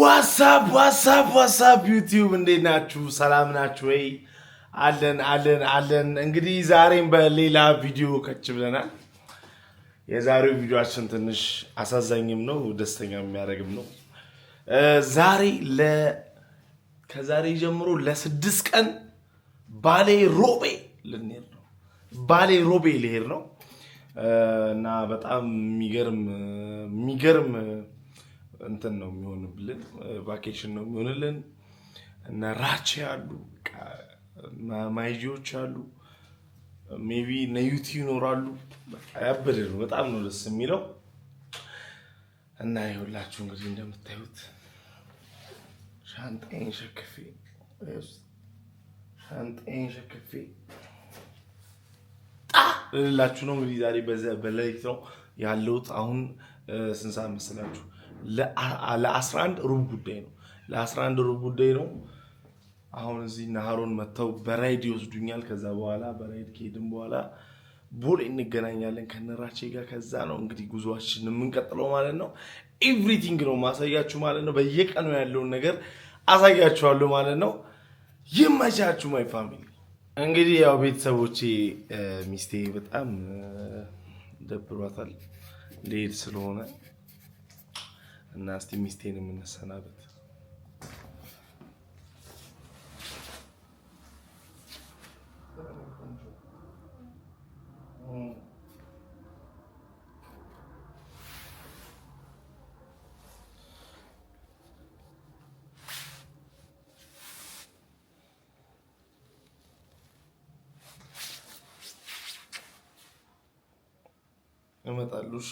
ዋትሳፕ ዋሳብ ዋሳብ ዩቲዩብ እንዴት ናችሁ? ሰላም ናችሁ ወይ? አለን አለን አለን። እንግዲህ ዛሬም በሌላ ቪዲዮ ከች ብለናል። የዛሬው ቪዲዮችን ትንሽ አሳዛኝም ነው ደስተኛ የሚያደርግም ነው። ዛሬ ከዛሬ ጀምሮ ለስድስት ቀን ባሌ ሮቤ ልንሄድ ነው። ባሌ ሮቤ ልሄድ ነው እና በጣም የሚገርም የሚገርም እንትን ነው የሚሆንብልን፣ ቫኬሽን ነው የሚሆንልን። እነ ራቼ አሉ፣ ማይጂዎች አሉ፣ ሜቢ እነ ዩቲ ይኖራሉ። ያበደ ነው። በጣም ነው ደስ የሚለው እና ይኸውላችሁ እንግዲህ እንደምታዩት ሻንጣዬን ሸክፌ ሻንጣዬን ሸክፌ ልላችሁ ነው እንግዲህ ዛሬ በሌሊት ነው ያለሁት። አሁን ስንት ሰዓት መሰላችሁ? ለ11 ሩብ ጉዳይ ነው። ለ11 ሩብ ጉዳይ ነው። አሁን እዚህ ናሃሮን መጥተው በራይድ ይወስዱኛል። ከዛ በኋላ በራይድ ከሄድን በኋላ ቦሌ እንገናኛለን ከነራቼ ጋር። ከዛ ነው እንግዲህ ጉዞችን የምንቀጥለው ማለት ነው። ኤቭሪቲንግ ነው ማሳያችሁ ማለት ነው። በየቀኑ ያለውን ነገር አሳያችኋለሁ ማለት ነው። ይመቻችሁ ማይ ፋሚሊ። እንግዲህ ያው ቤተሰቦቼ ሚስቴ በጣም ደብሯታል ልሄድ ስለሆነ እና እስቲ ሚስቴን የምንሰናበት እመጣለሁ። እሺ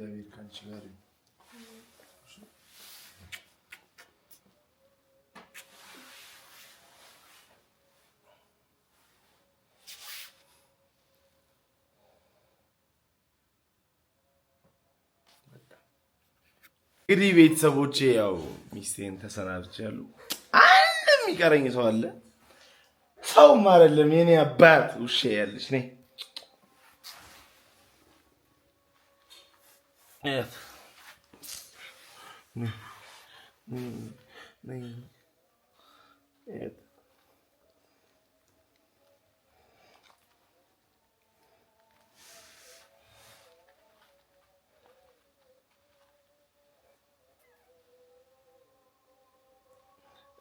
እግዚአብሔር ካንቺ ጋር ነው። እንግዲህ ቤተሰቦቼ ያው ሚስቴን ተሰናብቻለሁ። አንድ የሚቀረኝ ሰው አለ። ሰውም አይደለም የኔ አባት ውሻ ያለች É. Nem. Nem. nem é.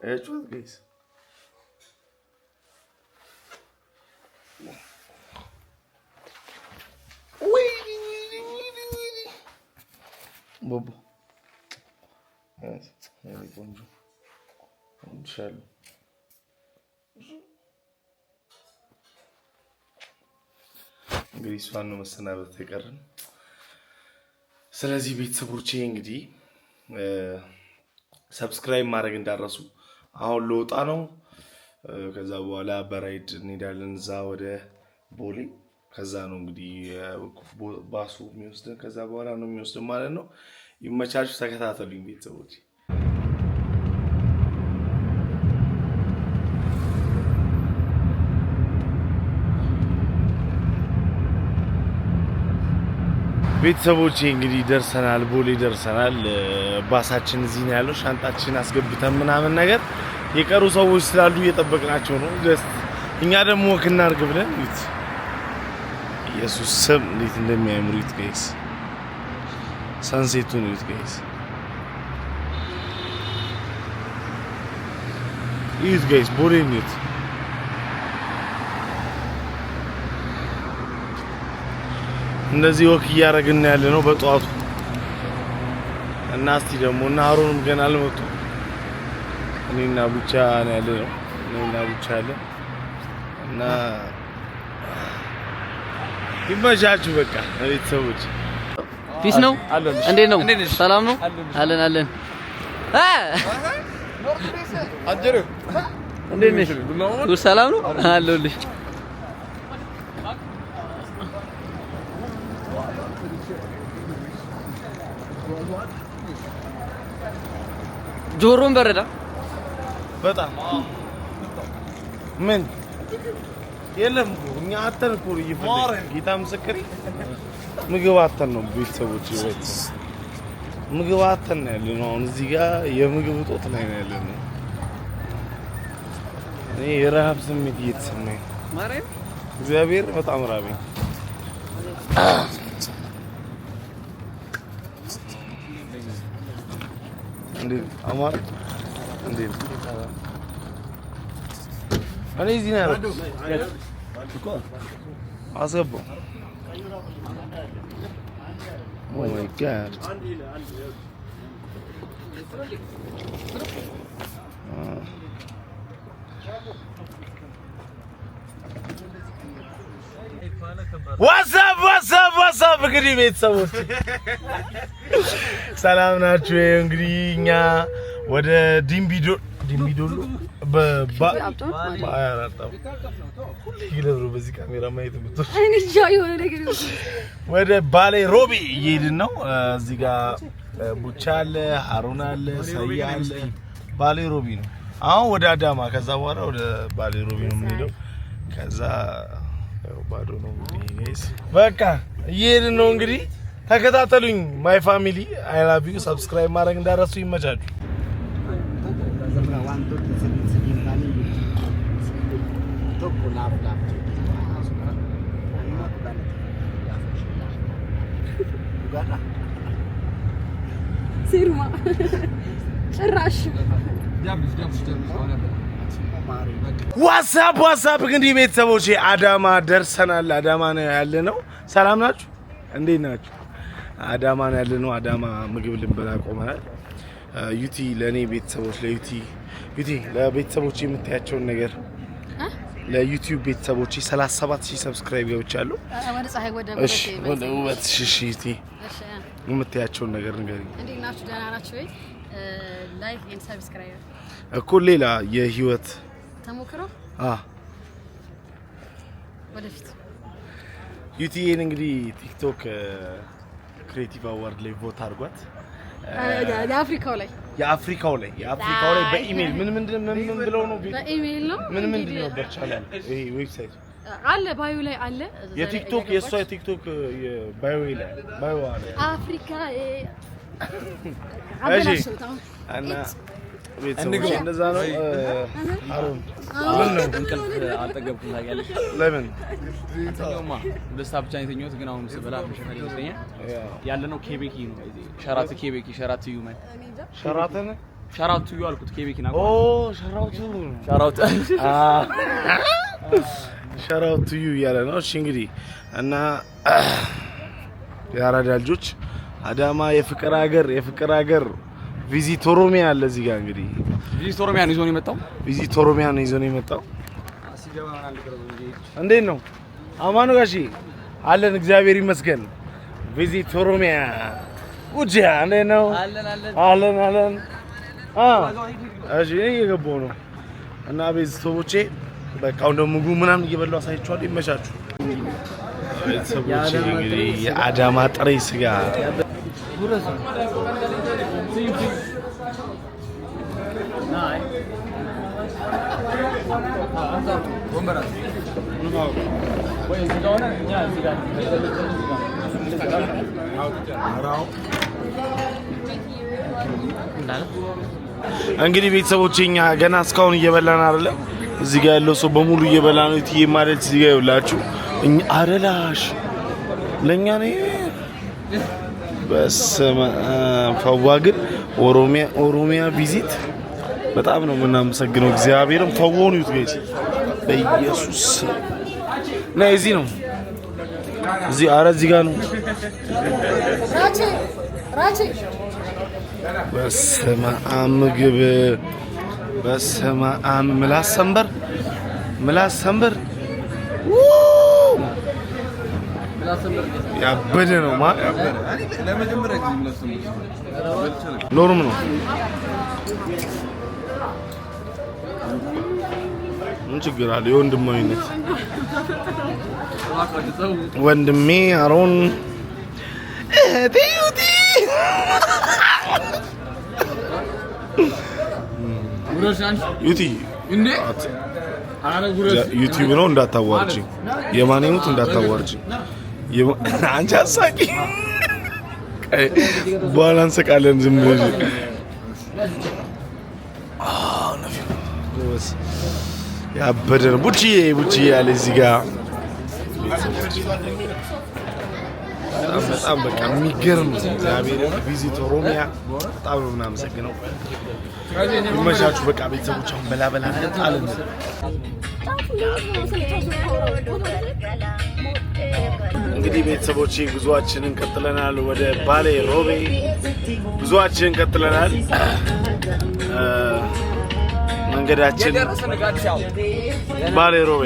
É, deixa eu é isso. እሷን ነው መሰናበት የቀርን። ስለዚህ ቤተሰቦቼ እንግዲህ ሰብስክራይብ ማድረግ እንዳረሱ። አሁን ለወጣ ነው። ከዛ በኋላ በራይድ እንሄዳለን እዛ ወደ ቦሌ። ከዛ ነው እንግዲህ ባሱ የሚወስደን፣ ከዛ በኋላ ነው የሚወስደን ማለት ነው። ይመቻችሁ። ተከታተሉኝ ቤተሰቦች። ቤተሰቦች እንግዲህ ደርሰናል፣ ቦሌ ደርሰናል። ባሳችን እዚህ ነው ያለው። ሻንጣችን አስገብተን ምናምን ነገር የቀሩ ሰዎች ስላሉ እየጠበቅናቸው ነው። እኛ ደግሞ ክናርግ ብለን ኢየሱስ ስም እንዴት እንደሚያምሩ ዩት ጋይስ፣ ሰንሴቱን ዩት ጋይስ፣ ዩት ጋይስ ቦሌ ዩት እንደዚህ ወክ እያደረግን ያለ ነው በጠዋቱ እና እስቲ ደግሞ እና አሮንም ገና አልመጡ። እኔና ብቻ ነው ያለ ነው እኔና ብቻ አለ እና ይመቻችሁ። በቃ ቤተሰቦች ፊስ ነው። እንዴት ነው? ሰላም ነው? አለን አለን። አጀሩ ነሽ? ሰላም ነው አለሁልሽ ጆሮን በረዳ በጣም ምን የለም እኛ አተን እኮ ጌታ ምስክር ምግብ አተን ነው። ቤተሰቦች ምግብ አተን ነው ያለነው። አሁን እዚህ ጋር የምግብ እጦት ላይ ነው ያለነው። እኔ የረሃብ ስሜት እየተሰማኝ እግዚአብሔር በጣም ራበኝ። দিন আমার দিন আরে এই দিন আসব oh my god ah ዋትሳፕ ዋትሳፕ ዋትሳፕ እንግዲህ ቤተሰቦች ሰላም ናችሁ? እንግዲህ እኛ ወደ ዲምቢዶ ዲምቢዶሎ በዚህ ካሜራ ማየት ወደ ባሌ ሮቢ እየሄድን ነው። እዚህ ጋር ቡቻ አለ፣ ሀሩን አለ፣ ሰያ አለ። ባሌ ሮቢ ነው አሁን ወደ አዳማ፣ ከዛ በኋላ ወደ ባሌ ሮቢ ነው የምንሄደው። ከዛ ባዶ ነው በቃ እየሄድን ነው እንግዲህ ተከታተሉኝ። ማይ ፋሚሊ አይ ላቭ ዩ። ሰብስክራይብ ማድረግ እንዳረሱ። ይመቻችሁ። ጭራሽ ዋትሳፕ ዋትሳፕ እንግዲህ ቤተሰቦች አዳማ ደርሰናል። አዳማ ነው ያለ ነው። ሰላም ናችሁ? እንዴት ናችሁ? አዳማ ነው ያለ ነው። አዳማ ምግብ ልንበላ ቆመናል። ዩቲ ለእኔ ቤተሰቦች ለዩቲ ዩቲ ለቤተሰቦች የምታያቸውን ነገር ለዩቲዩብ ቤተሰቦች 37 ሺህ ሰብስክራይበሮች አሉ። ወደ ውበት ሽሽ ዩቲ የምታያቸውን ነገር ንገሪ። እንዴት ናችሁ? ደህና ናችሁ ሰብስክራይብ እኮ ሌላ የህይወት ተሞክሮ ወደፊት ዩቲኤን እንግዲህ ቲክቶክ ክሬቲቭ አዋርድ ላይ ቮት አድርጓት የአፍሪካው ላይ የአፍሪካው ላይ የአፍሪካው ላይ በኢሜል ምን ምን ምን ብለው ነው በኢሜል ነው ምን ምን ነው በቻላል ይሄ ዌብሳይት አለ ባዩ ላይ አለ የቲክቶክ የእሷ የቲክቶክ ባዩ ላይ ባዩ አለ አፍሪካ እሺ እና ቤተሰቦች እንደዛ ነው። አሮን እንቅልፍ አልጠገብኩም ታውቂያለሽ። ለምን ደስታ ብቻ ነው የተኛሁት፣ ግን አሁን ስበላ መሸፈል ይመስለኛል። ያለነው ኬቤኪ ነው። ሸራት ኬቤኪ፣ ሸራት ዩ መን ሸራተን ሸራቱ ዩ አልኩት። ኬቤኪ ነው። ሸራቱ ሸራቱ ሸራቱ ዩ እያለ ነው። እሺ እንግዲህ እና የአራዳ ልጆች አዳማ የፍቅር ሀገር የፍቅር ሀገር ቪዚት ኦሮሚያ አለ እዚህ ጋር እንግዲህ ቪዚት ኦሮሚያ ነው ይዞ ነው የመጣው። ቪዚት ኦሮሚያ ነው ይዞ ነው የመጣው። እንዴት ነው አማኑ ጋሺ? አለን እግዚአብሔር ይመስገን። ቪዚት ኦሮሚያ ውጭ እንዴት ነው? አለን አለን። እሺ እየገባሁ ነው እና ቤተሰቦቼ በቃ አሁን ደግሞ ምግቡ ምናምን እየበላሁ አሳይቼዋለሁ። ይመቻችሁ ቤተሰቦቼ። እንግዲህ የአዳማ ጥሬ ስጋ እንግዲህ ቤተሰቦች እኛ ገና እስካሁን እየበላን አለ። እዚህ ጋር ያለው ሰው በሙሉ እየበላ ነው። ትዬ ማለት እዚህ ጋር ይውላችሁ አረላሽ ለእኛ ነ በስመ ፈዋ ግን ኦሮሚያ ቪዚት በጣም ነው የምናመሰግነው እግዚአብሔርም ፈዋውን ዩት በኢየሱስ ነይ። እዚህ ነው እዚህ። ኧረ እዚህ ጋር ነው። በስመ አብ ምግብ። በስመ አብ ምላስ ሰንበር፣ ምላስ ሰንበር ያበደ ነው። ኖርም ነው ምን ችግር አለ? የወንድማዊነት ወንድሜ አሮን ዩቲ ዩቲዩብ ነው እንዳታዋርጂ፣ የማኔሙት እንዳታዋርጂ። አንቺ አሳቂ በኋላ እንስቃለን ዝም ብለሽ ያበደ ነው። ቡችዬ ቡችዬ ያለ እዚህ ጋር በጣም በቃ የሚገርም እግዚአብሔር ቪዚት ኦሮሚያ በጣም ነው የምናመሰግነው። ይመቻችሁ። በቃ ቤተሰቦች አሁን በላበላ ጣልን እንግዲህ ቤተሰቦች ጉዞአችንን ቀጥለናል። ወደ ባሌ ሮቤ ጉዞአችንን ቀጥለናል። መንገዳችን ባሌ ሮቤ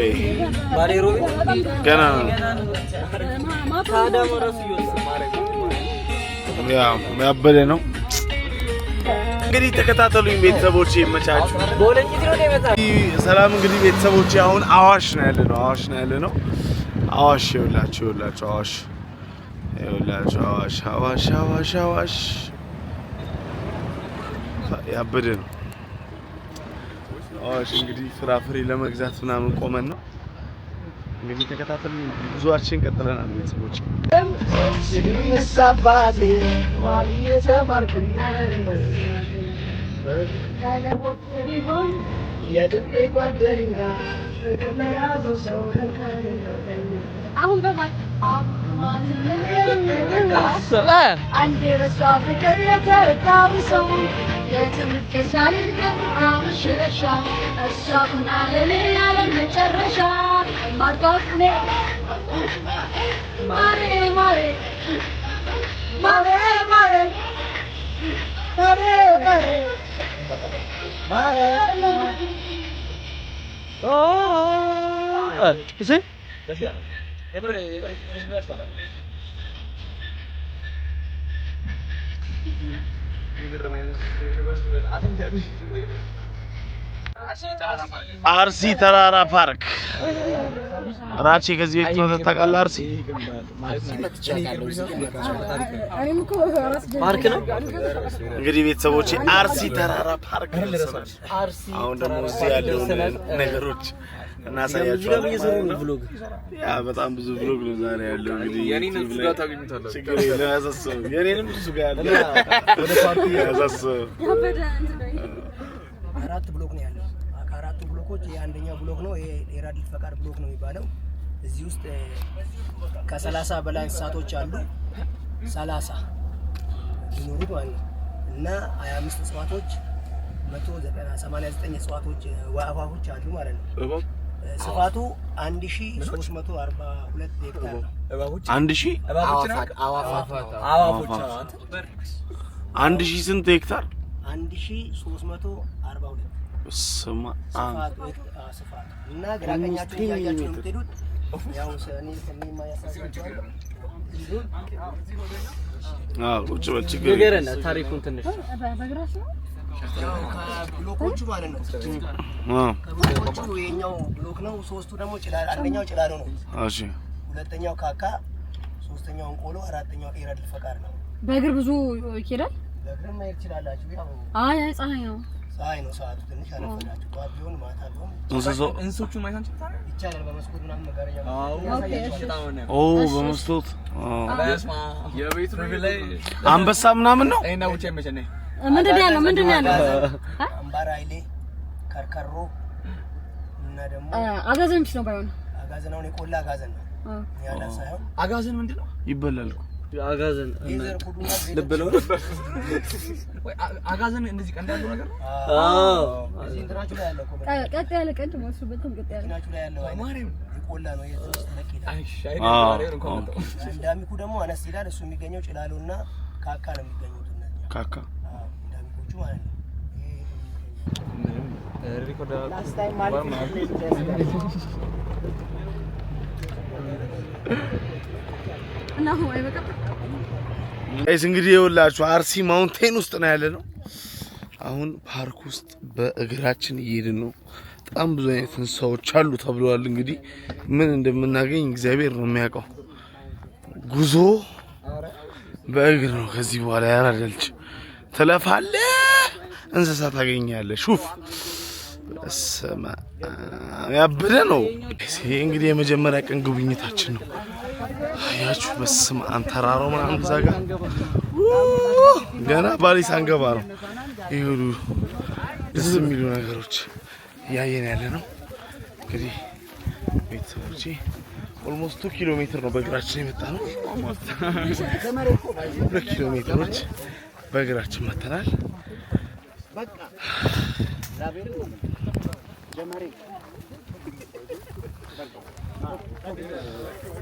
ገና ነው። ያበደ ነው። እንግዲህ ተከታተሉኝ ቤተሰቦች፣ ይመቻችሁ። ሰላም እንግዲህ ቤተሰቦች፣ አሁን አዋሽ ነው ያለ ነው። አዋሽ ነው ያለ ነው። አዋሽ ይኸውላችሁ፣ ይኸውላችሁ፣ አዋሽ ይኸውላችሁ፣ አዋሽ አዋሽ አዋሽ አዋሽ ያበደ ነው። አዋሽ እንግዲህ ፍራፍሬ ለመግዛት ምናምን ቆመን ነው እንግዲህ ተከታተሉ። ጉዟችን ቀጥለናል። ቤተሰቦች አሁን ማሬ Es porque es una espada. Yo a አርሲ ተራራ ፓርክ ራቼ ከዚህ ቤት ነው ታውቃለህ? አርሲ ፓርክ ነው እንግዲህ ቤተሰቦች፣ አርሲ ተራራ ፓርክ። አሁን ደግሞ እዚህ ያለውን ነገሮች እናሳያችኋለን። ያ በጣም ብዙ ብሎግ ነው ዛሬ ያለው። እንግዲህ የኔንም ብሎግ ነው ያለው ብሎኮች የአንደኛ ብሎክ ነው። ይሄ የራዲት ፈቃድ ብሎክ ነው የሚባለው። እዚህ ውስጥ ከሰላሳ በላይ እንስሳቶች አሉ። ሰላሳ ሊኖሩት ማለት ነው እና ሀያ አምስት እጽዋቶች መቶ ዘጠና ሰማንያ ዘጠኝ እጽዋቶች አሉ ማለት ነው። ስፋቱ አንድ ሺህ ሦስት መቶ አርባ ሁለት ሄክታር ነው። አንድ ሺህ አንድ ሺ ስንት ሄክታር? አንድ ሺ ሦስት መቶ አርባ ሁለት ስማ እና ቁጭ በል ችግር ንገረን ታሪኩን ትንሽ ብሎኮቹ ማለት ነው። ብሎኮቹ የኛው ብሎክ ነው። ሶስቱ ደግሞ አንደኛው ጭላሎ ነው፣ ሁለተኛው ካካ፣ ሶስተኛው እንቆሎ፣ አራተኛው ኤረድ ፈቃድ ነው። በእግር ብዙ ይሄዳል። በእግርም መሄድ ይችላላችሁ። አይ ፀሐይ ነው ፀሐይ ነው ሰዓቱ። ትንሽ አረፈዳችሁ። ጠዋት ቢሆን ማታ ቢሆን ማየት አንችል ይቻላል። በመስኮት ምናምን መጋረጃ በመስኮት አንበሳ ምናምን ነው። ምንድን ያለው? ምንድን ያለው? አምባራ አይሌ፣ ከርከሮ እና ደግሞ ነው። ባይሆን አጋዘን አሁን የቆላ አጋዘን ነው። አጋዘን ምንድን ነው ይበላል እኮ አጋዘን ልብ ነው አጋዘን እንደዚህ ቀንድ ያለው ነገር አዎ፣ ቀጥ ያለ ቀንድ ነው። እሱ በጣም ቀጥ ያለ እንዳሚኩ ደግሞ አነስ ይላል። እሱ የሚገኘው ጭላሎና ካካ ነው የሚገኙት ካካ እንዳሚኮቹ ማለት ነው። እና አሁን አይበቃም ይስ እንግዲህ የውላችሁ አርሲ ማውንቴን ውስጥ ነው ያለ ነው። አሁን ፓርክ ውስጥ በእግራችን እየሄድን ነው። በጣም ብዙ አይነት እንስሳዎች አሉ ተብለዋል። እንግዲህ ምን እንደምናገኝ እግዚአብሔር ነው የሚያውቀው። ጉዞ በእግር ነው። ከዚህ በኋላ ያራደልች ትለፋለ፣ እንስሳ ታገኛለ። ሹፍ ያበደ ነው። ይሄ እንግዲህ የመጀመሪያ ቀን ጉብኝታችን ነው። አያችሁ፣ በስም አንተራሮ ምናምን እዛ ገና ባሌ ሳንገባ ነው ይሁሉ ደስ የሚሉ ነገሮች እያየን ያለ ነው። እንግዲህ ቤተሰቦች ኦልሞስት ቱ ኪሎ ሜትር ነው በእግራችን የመጣ ነው። ሁለት ኪሎ ሜትሮች በእግራችን መተናል።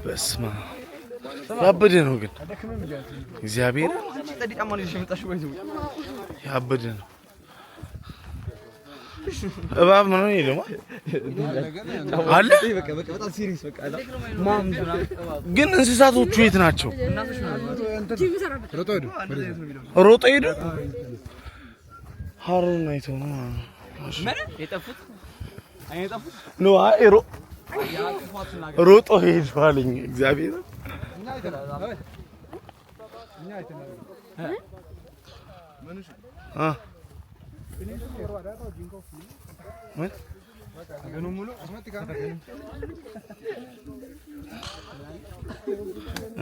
በስማ ያበደ ነው ግን እግዚአብሔር ያበደ ነው። እባብ ነው ይሄ አለ። ግን እንስሳቶቹ የት ናቸው? ሮጦ ሄዱ። ሀሩን አይቶ ነው የጠፉት። ሮጦ ሄዱ አለኝ እግዚአብሔር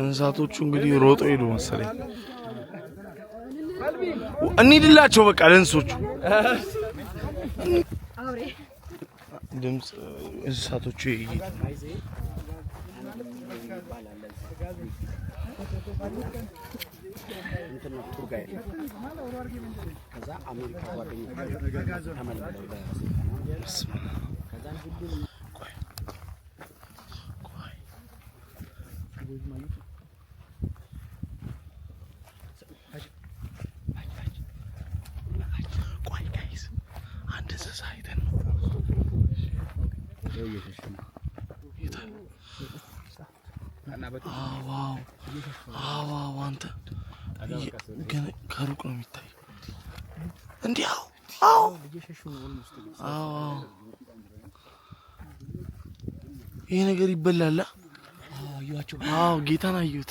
እንስሳቶቹ እንግዲህ ሮጦ ሄዱ መሰለኝ። እንሂድላቸው በቃ ለእንስሶቹ ድምፅ እንስሳቶቹ እንትን ነው ቱር ጋር ከዛ አሜሪካ ጓደኞች ተመልመለው ለስልጠና ይሄ ነገር ይበላል። አዎ ጌታን አየሁት።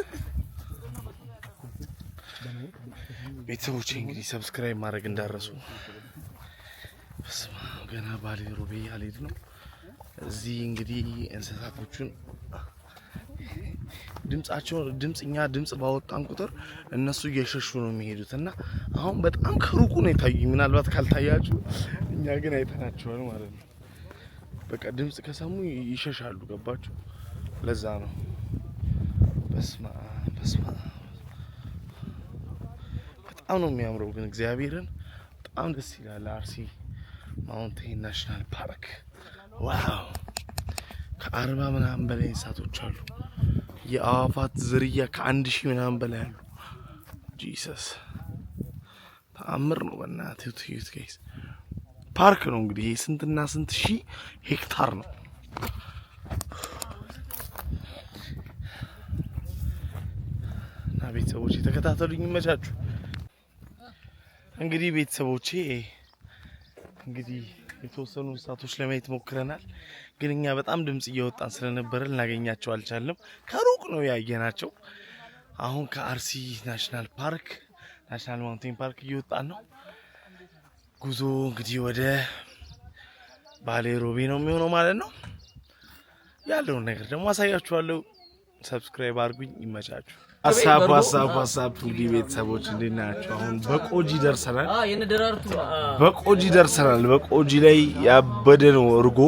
ቤተሰቦች እንግዲህ ሰብስክራይብ ማድረግ እንዳረሱ። በስማ ገና ባሌ ሮቤ ያሌድ ነው። እዚህ እንግዲህ እንስሳቶቹን ድምጻቸውን ድምጽ እኛ ድምጽ ባወጣን ቁጥር እነሱ እየሸሹ ነው የሚሄዱት እና አሁን በጣም ከሩቁ ነው የታዩ። ምናልባት ካልታያችሁ እኛ ግን አይተናቸዋል ማለት ነው። በቃ ድምጽ ከሰሙ ይሸሻሉ። ገባችሁ? ለዛ ነው በስማ በስማ በጣም ነው የሚያምረው። ግን እግዚአብሔርን በጣም ደስ ይላል። አርሲ ማውንቴን ናሽናል ፓርክ ዋው! ከአርባ ምናምን በላይ እንስሳቶች አሉ። የአዋፋት ዝርያ ከአንድ ሺህ ምናምን በላይ አሉ። ጂሰስ ተአምር ነው። በእናትህ ጋይስ ፓርክ ነው እንግዲህ ስንትና ስንት ሺህ ሄክታር ነው። እና ቤተሰቦች የተከታተሉኝ ይመቻችሁ። እንግዲህ ቤተሰቦቼ እንግዲህ የተወሰኑ እንስሳቶች ለማየት ሞክረናል። ግን እኛ በጣም ድምፅ እየወጣን ስለነበረ ልናገኛቸው አልቻለም። ከሩቅ ነው ያየናቸው። አሁን ከአርሲ ናሽናል ፓርክ ናሽናል ማውንቴን ፓርክ እየወጣን ነው። ጉዞ እንግዲህ ወደ ባሌ ሮቤ ነው የሚሆነው ማለት ነው። ያለውን ነገር ደግሞ አሳያችኋለሁ። ሰብስክራይብ አድርጉኝ። ይመቻችሁ። አሳብ አሳብ አሳብ ቱዲ ቤተሰቦች እንዴት ናቸው? አሁን በቆጂ ደርሰናል። በቆጂ ደርሰናል። በቆጂ ላይ ያበደ ነው እርጎ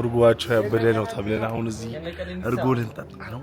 እርጓቸው ያበደ ነው ተብለን አሁን እዚህ እርጎ ልንጠጣ ነው።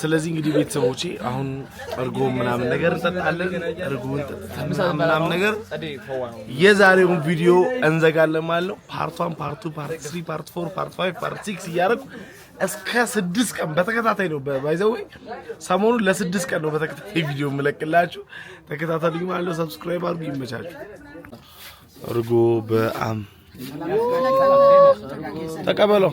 ስለዚህ እንግዲህ ቤተሰቦቼ አሁን እርጎ ምናምን ነገር እንጠጣለን። እርጎን ጠጥተን ምናምን ነገር የዛሬውን ቪዲዮ እንዘጋለን ማለት ነው። ፓርት ዋን፣ ፓርት ቱ፣ ፓርት ስሪ፣ ፓርት ፎር፣ ፓርት ፋይቭ፣ ፓርት ሲክስ እያደረኩ እስከ ስድስት ቀን በተከታታይ ነው። ባይዘዌ ሰሞኑን ለስድስት ቀን ነው በተከታታይ ቪዲዮ የምለቅላችሁ። ተከታተሉኝ ማለት ነው። ሰብስክራይብ አድርጉ። ይመቻችሁ። እርጎ በአም ተቀበለው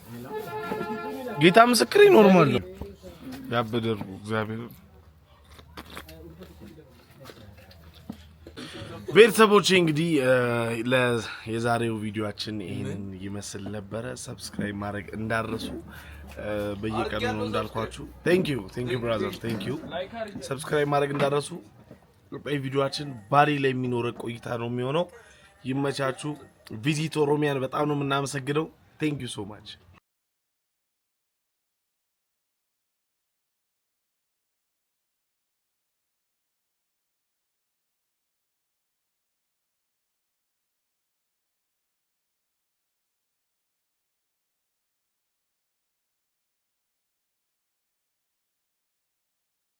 ጌታ ምስክር ኖርማል ነው እግዚአብሔር ቤተሰቦቼ እንግዲህ የዛሬው ቪዲዮችን ይህንን ይመስል ነበረ። ሰብስክራይብ ማድረግ እንዳረሱ በየቀኑ ነው እንዳልኳችሁ። ቴንክ ዩ ቴንክ ዩ ብራዘር ቴንክ ዩ። ሰብስክራይብ ማድረግ እንዳረሱ። ቀጣይ ቪዲዮችን ባሪ ላይ የሚኖረ ቆይታ ነው የሚሆነው። ይመቻችሁ። ቪዚት ኦሮሚያን በጣም ነው የምናመሰግነው። ቴንክ ዩ ሶ ማች